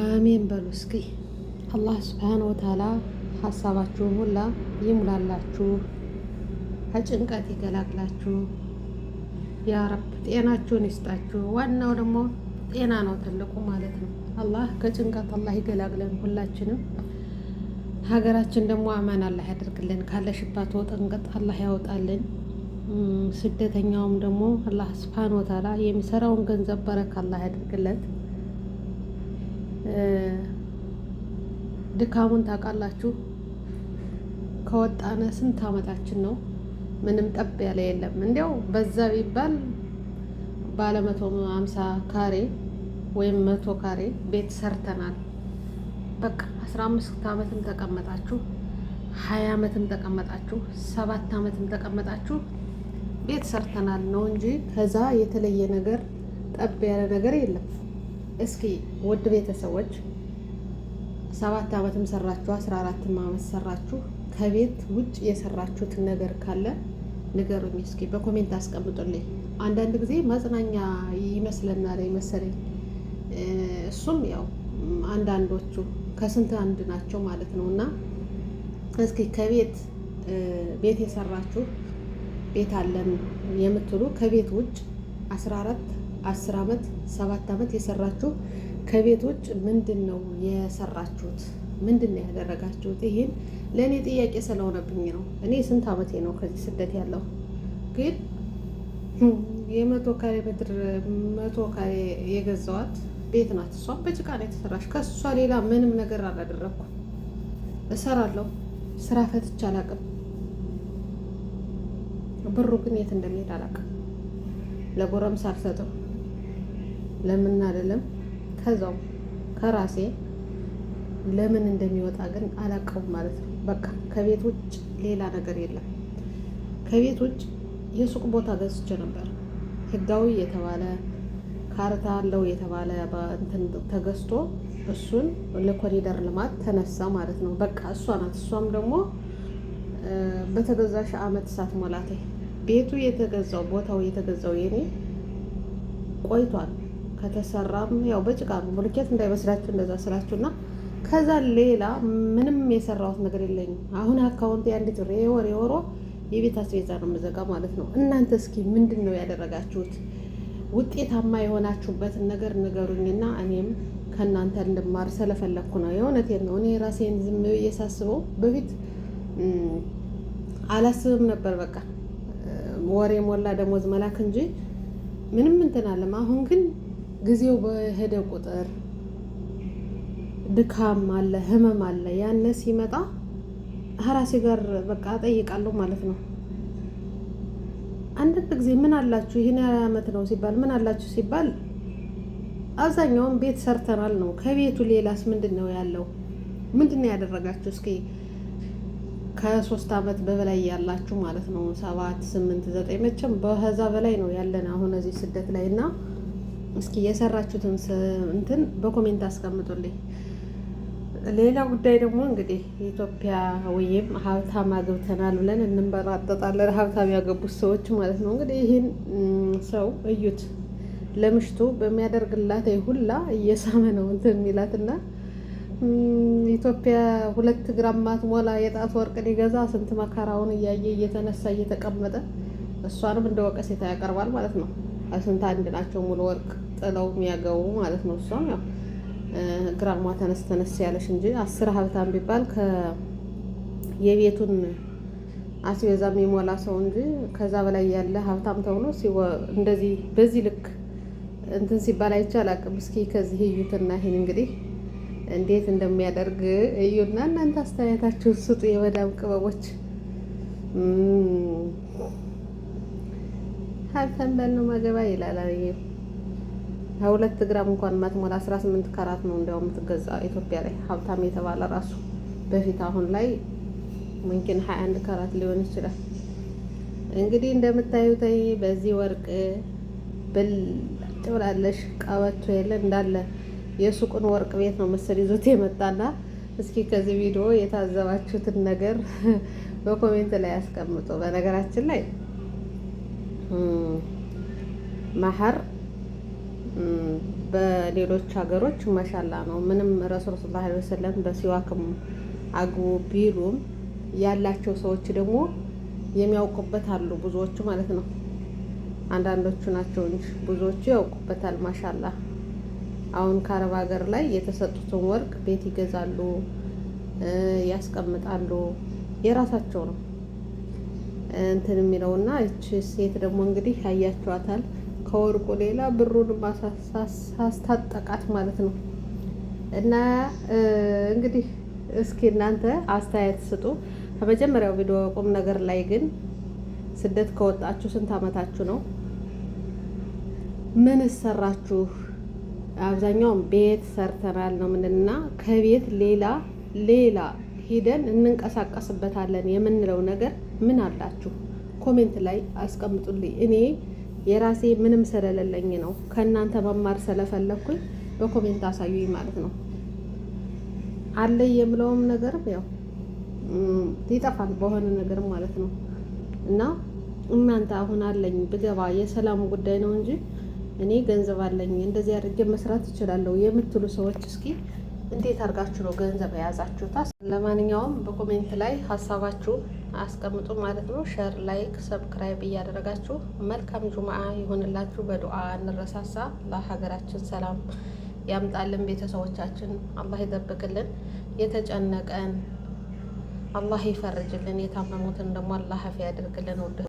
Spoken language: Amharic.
አሜን በሉ እስኪ። አላህ ስብሓን ወተዓላ ሀሳባችሁን ሁላ ይሙላላችሁ፣ ከጭንቀት ይገላግላችሁ፣ ያረብ ጤናችሁን ይስጣችሁ። ዋናው ደግሞ ጤና ነው ትልቁ ማለት ነው። አላህ ከጭንቀት አላህ ይገላግለን ሁላችንም። ሀገራችን ደግሞ አማን አላህ ያደርግልን፣ ካለሽባት ወጥንቅጥ አላህ ያወጣልን። ስደተኛውም ደግሞ አላህ ስብሓን ወተዓላ የሚሰራውን ገንዘብ በረካ አላህ ያደርግለት። ድካሙን ታውቃላችሁ። ከወጣነ ስንት አመታችን ነው? ምንም ጠብ ያለ የለም። እንዲያው በዛ ቢባል ባለ መቶ ሀምሳ ካሬ ወይም መቶ ካሬ ቤት ሰርተናል። በቃ አስራ አምስት አመትም ተቀመጣችሁ፣ ሀያ አመትም ተቀመጣችሁ፣ ሰባት አመትም ተቀመጣችሁ ቤት ሰርተናል ነው እንጂ ከዛ የተለየ ነገር ጠብ ያለ ነገር የለም። እስኪ ውድ ቤተሰቦች ሰባት ዓመትም ሰራችሁ አስራ አራትም ዓመት ሰራችሁ ከቤት ውጭ የሰራችሁትን ነገር ካለ ንገሩኝ እስኪ በኮሜንት አስቀምጡልኝ። አንዳንድ ጊዜ መጽናኛ ይመስለናል መሰለኝ። እሱም ያው አንዳንዶቹ ከስንት አንድ ናቸው ማለት ነው እና እስኪ ከቤት ቤት የሰራችሁ ቤት አለን የምትሉ ከቤት ውጭ አስራ አራት አስር አመት ሰባት አመት የሰራችሁ ከቤት ውጭ ምንድን ነው የሰራችሁት? ምንድን ነው ያደረጋችሁት? ይህን ለእኔ ጥያቄ ስለሆነብኝ ነው። እኔ ስንት አመቴ ነው ከዚህ ስደት ያለው ግን የመቶ ካሬ ምድር መቶ ካሬ የገዛዋት ቤት ናት። እሷ በጭቃ ነው የተሰራች። ከእሷ ሌላ ምንም ነገር አላደረኩም። እሰራለሁ፣ ስራ ፈትቼ አላውቅም። ብሩ ግን የት እንደሚሄድ አላውቅም። ለጎረምሳ አልሰጥም። ለምን አይደለም ከዛው ከራሴ ለምን እንደሚወጣ ግን አላውቀውም ማለት ነው። በቃ ከቤት ውጭ ሌላ ነገር የለም። ከቤት ውጭ የሱቅ ቦታ ገዝቼ ነበር። ህጋዊ የተባለ ካርታ አለው የተባለ ተገዝቶ እሱን ለኮሪደር ልማት ተነሳ ማለት ነው። በቃ እሷ ናት። እሷም ደግሞ በተገዛሽ አመት ሞላቴ ቤቱ የተገዛው ቦታው የተገዛው የኔ ቆይቷል። ከተሰራም ያው በጭቃ ነው ብሎኬት እንዳይመስላችሁ እንደዛ ስላችሁና ከዛ ሌላ ምንም የሰራሁት ነገር የለኝም። አሁን አካውንት አንዲት ወር የወር የወሮ የቤት አስቤዛ ነው የምዘጋ ማለት ነው። እናንተ እስኪ ምንድን ነው ያደረጋችሁት? ውጤታማ የሆናችሁበትን ነገር ንገሩኝና እኔም ከእናንተ እንድማር ስለፈለግኩ ነው። የእውነቴን ነው። እኔ ራሴን ዝም እየሳስበው በፊት አላስብም ነበር። በቃ ወሬ ሞላ ደሞዝ መላክ እንጂ ምንም እንትን አለም። አሁን ግን ጊዜው በሄደ ቁጥር ድካም አለ፣ ህመም አለ። ያነ ሲመጣ ራሴ ጋር በቃ እጠይቃለሁ ማለት ነው። አንዳንድ ጊዜ ምን አላችሁ ይህን አመት ነው ሲባል ምን አላችሁ ሲባል አብዛኛውን ቤት ሰርተናል ነው። ከቤቱ ሌላስ ምንድን ነው ያለው? ምንድን ነው ያደረጋችሁ? እስኪ ከሶስት አመት በበላይ ያላችሁ ማለት ነው ሰባት ስምንት ዘጠኝ መቼም በዛ በላይ ነው ያለን አሁን እዚህ ስደት ላይ እና እስኪ የሰራችሁትን እንትን በኮሜንት አስቀምጡልኝ። ሌላ ጉዳይ ደግሞ እንግዲህ ኢትዮጵያ ወይም ሀብታም አግብተናል ብለን እንንበራጠጣለን። ሀብታም ያገቡት ሰዎች ማለት ነው። እንግዲህ ይህን ሰው እዩት። ለምሽቱ በሚያደርግላት ሁላ እየሳመ ነው እንትን የሚላትና ኢትዮጵያ ሁለት ግራማት ሞላ የጣት ወርቅ ሊገዛ ስንት መከራውን እያየ እየተነሳ እየተቀመጠ እሷንም እንደ ወቀሴታ ያቀርባል ማለት ነው። ስንት አንድ ናቸው ሙሉ ወርቅ ጥለው የሚያገቡ ማለት ነው። እሷም ያው ግራሟ ተነስ ተነስ ያለሽ እንጂ አስር ሀብታም ቢባል የቤቱን አስቤዛ የሚሞላ ሰው እንጂ ከዛ በላይ ያለ ሀብታም ተብሎ እንደዚህ በዚህ ልክ እንትን ሲባል አይቻል አቅም። እስኪ ከዚህ እዩትና ይሄን እንግዲህ እንዴት እንደሚያደርግ እዩና እናንተ አስተያየታችሁን ስጡ። የመዳም ቅበቦች ሀብታም ባል ነው ማገባ ይላል። አብዬ ሁለት ግራም እንኳን ማትሞላ 18 ካራት ነው እንዲያው የምትገዛ ኢትዮጵያ ላይ ሀብታም የተባለ ራሱ በፊት አሁን ላይ ሙምኪን 21 ካራት ሊሆን ይችላል። እንግዲህ እንደምታዩት በዚህ ወርቅ ብል ብላለሽ ቀበቶ የለ እንዳለ የሱቁን ወርቅ ቤት ነው መሰል ይዞት የመጣና እስኪ ከዚህ ቪዲዮ የታዘባችሁትን ነገር በኮሜንት ላይ አስቀምጦ በነገራችን ላይ መሀር በሌሎች ሀገሮች መሻላ ነው። ምንም ረሱል ስ ላ ወሰለም በሲዋክም አግቡ ቢሉም ያላቸው ሰዎች ደግሞ የሚያውቁበት አሉ ብዙዎቹ ማለት ነው። አንዳንዶቹ ናቸው እንጂ ብዙዎቹ ያውቁበታል። ማሻላ አሁን ከአረብ ሀገር ላይ የተሰጡትን ወርቅ ቤት ይገዛሉ፣ ያስቀምጣሉ። የራሳቸው ነው። እንትን የሚለውና እች ሴት ደግሞ እንግዲህ ያያችኋታል ከወርቁ ሌላ ብሩን ሳስታጠቃት ማለት ነው። እና እንግዲህ እስኪ እናንተ አስተያየት ስጡ። ከመጀመሪያው ቪዲዮ ቁም ነገር ላይ ግን ስደት ከወጣችሁ ስንት አመታችሁ ነው? ምን ሰራችሁ? አብዛኛውን ቤት ሰርተናል ነው ምንና ከቤት ሌላ ሌላ ሂደን እንንቀሳቀስበታለን የምንለው ነገር ምን አላችሁ? ኮሜንት ላይ አስቀምጡልኝ። እኔ የራሴ ምንም ስለሌለኝ ነው ከእናንተ መማር ስለፈለኩኝ በኮሜንት አሳዩኝ ማለት ነው። አለ የምለውም ነገርም ያው ይጠፋል በሆነ ነገር ማለት ነው። እና እናንተ አሁን አለኝ ብገባ የሰላሙ ጉዳይ ነው እንጂ እኔ ገንዘብ አለኝ እንደዚህ አድርጌ መስራት እችላለሁ የምትሉ ሰዎች እስኪ እንዴት አድርጋችሁ ነው ገንዘብ የያዛችሁታ? ለማንኛውም በኮሜንት ላይ ሀሳባችሁ አስቀምጡ ማለት ነው። ሸር፣ ላይክ፣ ሰብስክራይብ እያደረጋችሁ መልካም ጁምአ ይሁንላችሁ። በዱዓ እንረሳሳ። ለሀገራችን ሰላም ያምጣልን። ቤተሰቦቻችን አላህ ይጠብቅልን። የተጨነቀን አላህ ይፈርጅልን። የታመሙትን ደግሞ አላህ አፊያ ያደርግልን። ወደ